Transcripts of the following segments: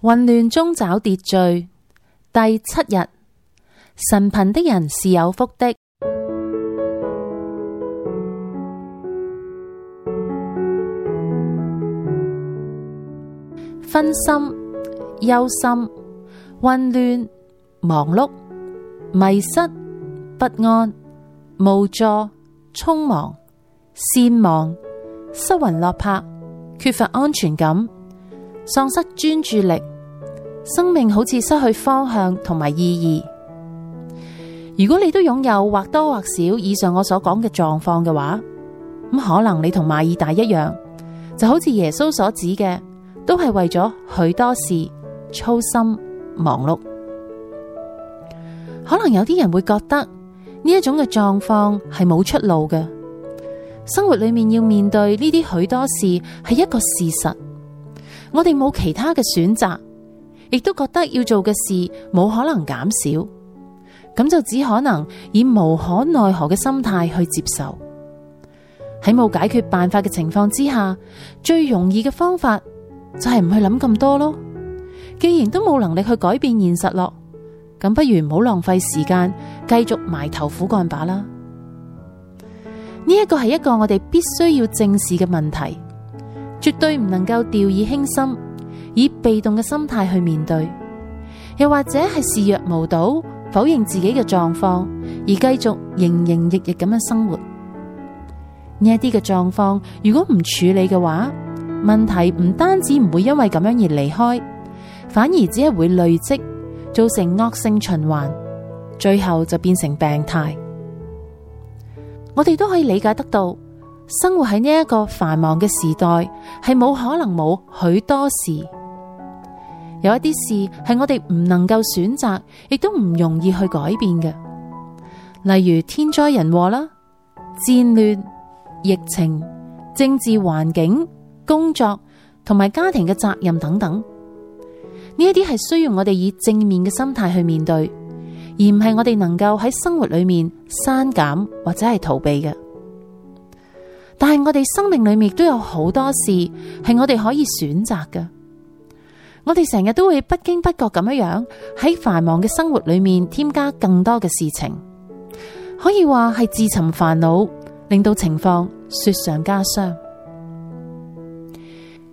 混亂中找秩序。第七日，神貧的人是有福的。樂分心、憂心、混亂、忙碌、迷失、不安、無助、匆忙、善忘、失魂落魄、缺乏安全感、喪失專注力。生命好似失去方向同埋意義。如果你都擁有或多或少以上我所講嘅狀況嘅話，咁可能你同馬爾大一樣，就好似耶穌所指嘅，都係為咗許多事操心忙碌。可能有啲人會覺得呢一種嘅狀況係冇出路嘅。生活裏面要面對呢啲許多事係一個事實，我哋冇其他嘅選擇。亦都覺得要做嘅事冇可能減少，咁就只可能以無可奈何嘅心態去接受。喺冇解決辦法嘅情況之下，最容易嘅方法就係唔去諗咁多咯。既然都冇能力去改變現實咯，咁不如唔好浪費時間，繼續埋頭苦幹吧啦。呢一個係一個我哋必須要正視嘅問題，絕對唔能夠掉以輕心。以被動嘅心態去面對，又或者係視若無睹，否認自己嘅狀況，而繼續營營役役咁樣生活。呢一啲嘅狀況，如果唔處理嘅話，問題唔單止唔會因為咁樣而離開，反而只係會累積，造成惡性循環，最後就變成病態。我哋都可以理解得到，生活喺呢一個繁忙嘅時代，係冇可能冇許多事。有一啲事係我哋唔能夠選擇，亦都唔容易去改變嘅，例如天災人禍啦、戰亂、疫情、政治環境、工作同埋家庭嘅責任等等。呢一啲係需要我哋以正面嘅心態去面對，而唔係我哋能夠喺生活裏面刪減或者係逃避嘅。但係我哋生命裏面都有好多事係我哋可以選擇嘅。我哋成日都會不經不覺咁樣樣喺繁忙嘅生活裏面添加更多嘅事情，可以話係自尋煩惱，令到情況雪上加霜。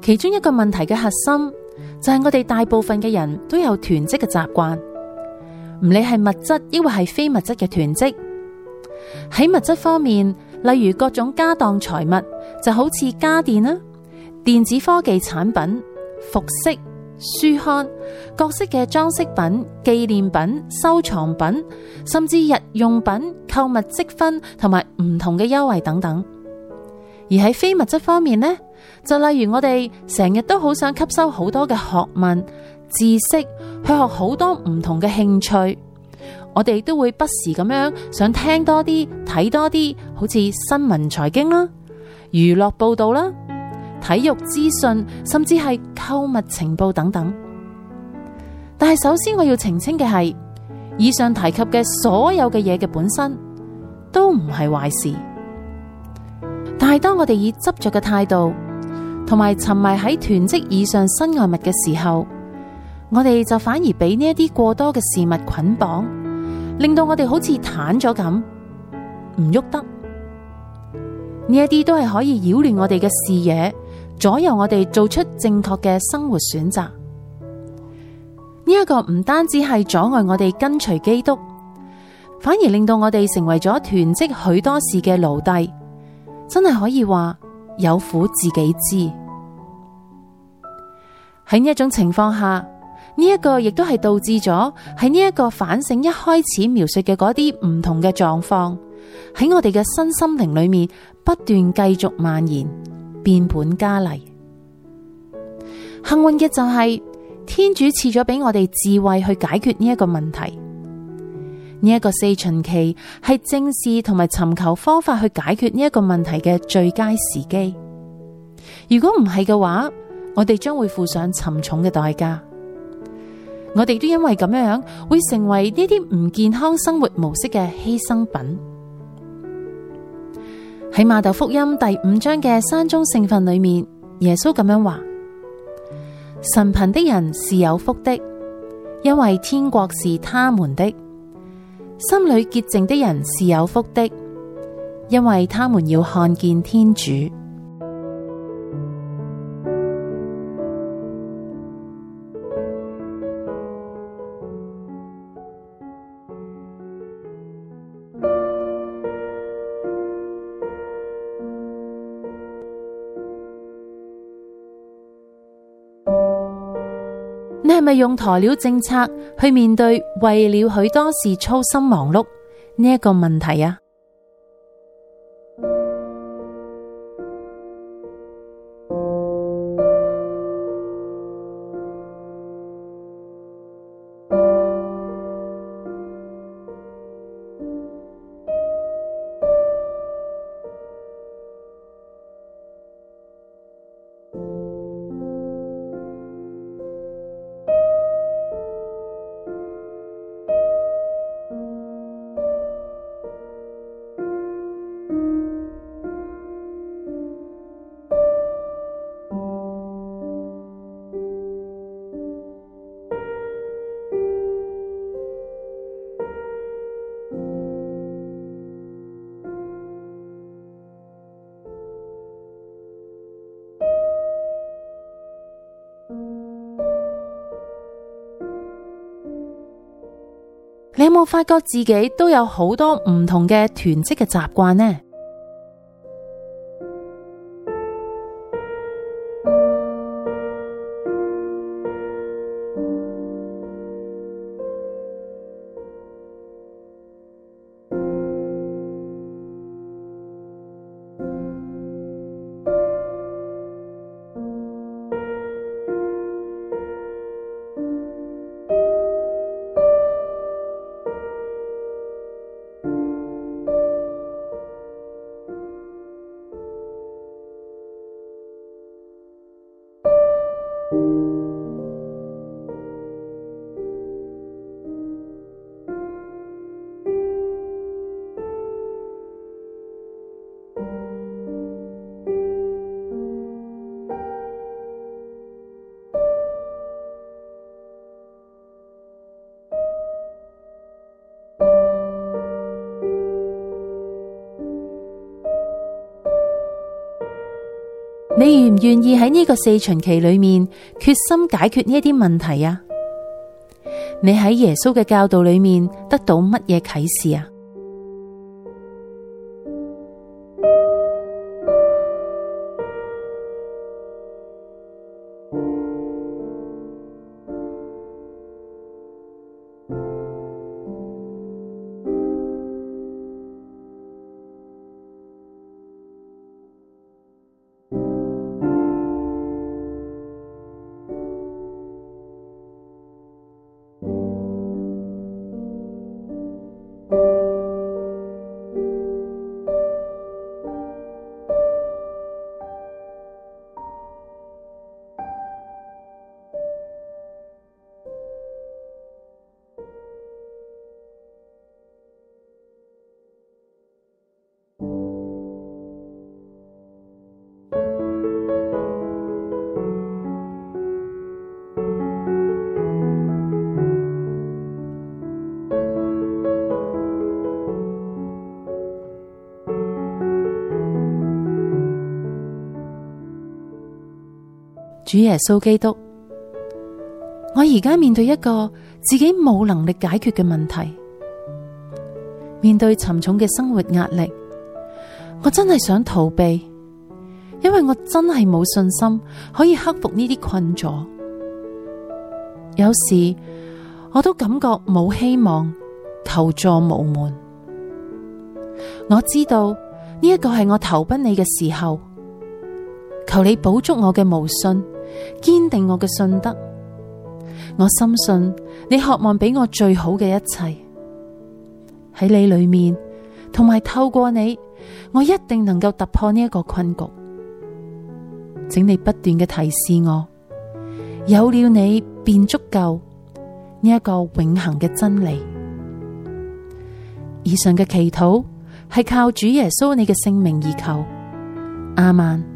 其中一個問題嘅核心就係我哋大部分嘅人都有囤積嘅習慣，唔理係物質抑或係非物質嘅囤積。喺物質方面，例如各種家當財物，就好似家電啦、電子科技產品、服飾。書刊、各式嘅裝飾品、紀念品、收藏品，甚至日用品、購物積分同埋唔同嘅優惠等等。而喺非物質方面呢，就例如我哋成日都好想吸收好多嘅學問、知識，去學好多唔同嘅興趣。我哋都會不時咁樣想聽多啲、睇多啲，好似新聞、財經啦、娛樂報道啦。體育資訊，甚至係購物情報等等。但係首先我要澄清嘅係，以上提及嘅所有嘅嘢，嘅本身都唔係壞事。但係當我哋以執着嘅態度，同埋沉迷喺囤積以上身外物嘅時候，我哋就反而俾呢一啲過多嘅事物捆綁，令到我哋好似癱咗咁，唔喐得。呢一啲都係可以擾亂我哋嘅視野。左右我哋做出正確嘅生活選擇，呢一個唔單止係阻礙我哋跟隨基督，反而令到我哋成為咗囤積許多事嘅奴隸。真係可以話有苦自己知。喺呢一種情況下，呢一個亦都係導致咗喺呢一個反省一開始描述嘅嗰啲唔同嘅狀況，喺我哋嘅身心靈裏面不斷繼續蔓延。變本加厲。幸運嘅就係、是，天主賜咗俾我哋智慧去解決呢一個問題。呢、這、一個四旬期係正視同埋尋求方法去解決呢一個問題嘅最佳時機。如果唔係嘅話，我哋將會付上沉重嘅代價。我哋都因為咁樣樣，會成為呢啲唔健康生活模式嘅犧牲品。喺馬竇福音第五章嘅山中聖訓裏面，耶穌咁樣話：神貧的人是有福的，因為天國是他們的；心裏潔淨的人是有福的，因為他們要看見天主。咪用鴕鳥政策去面對，為了許多事操心忙碌呢一個問題啊！你有冇發覺自己都有好多唔同嘅囤積嘅習慣呢？你願唔願意喺呢個四旬期裏面決心解決呢一啲問題呀？你喺耶穌嘅教導裏面得到乜嘢啟示呀？主耶穌基督，我而家面對一個自己冇能力解決嘅問題，面對沉重嘅生活壓力，我真係想逃避，因為我真係冇信心可以克服呢啲困阻。有時我都感覺冇希望，求助無門。我知道呢一個係我投奔你嘅時候，求你補足我嘅無信。堅定我嘅信德，我深信你渴望俾我最好嘅一切。喺你裏面，同埋透過你，我一定能夠突破呢一個困局。請你不斷嘅提示我，有了你便足夠呢一個永恆嘅真理。以上嘅祈禱係靠主耶穌你嘅聖名而求。亞孟。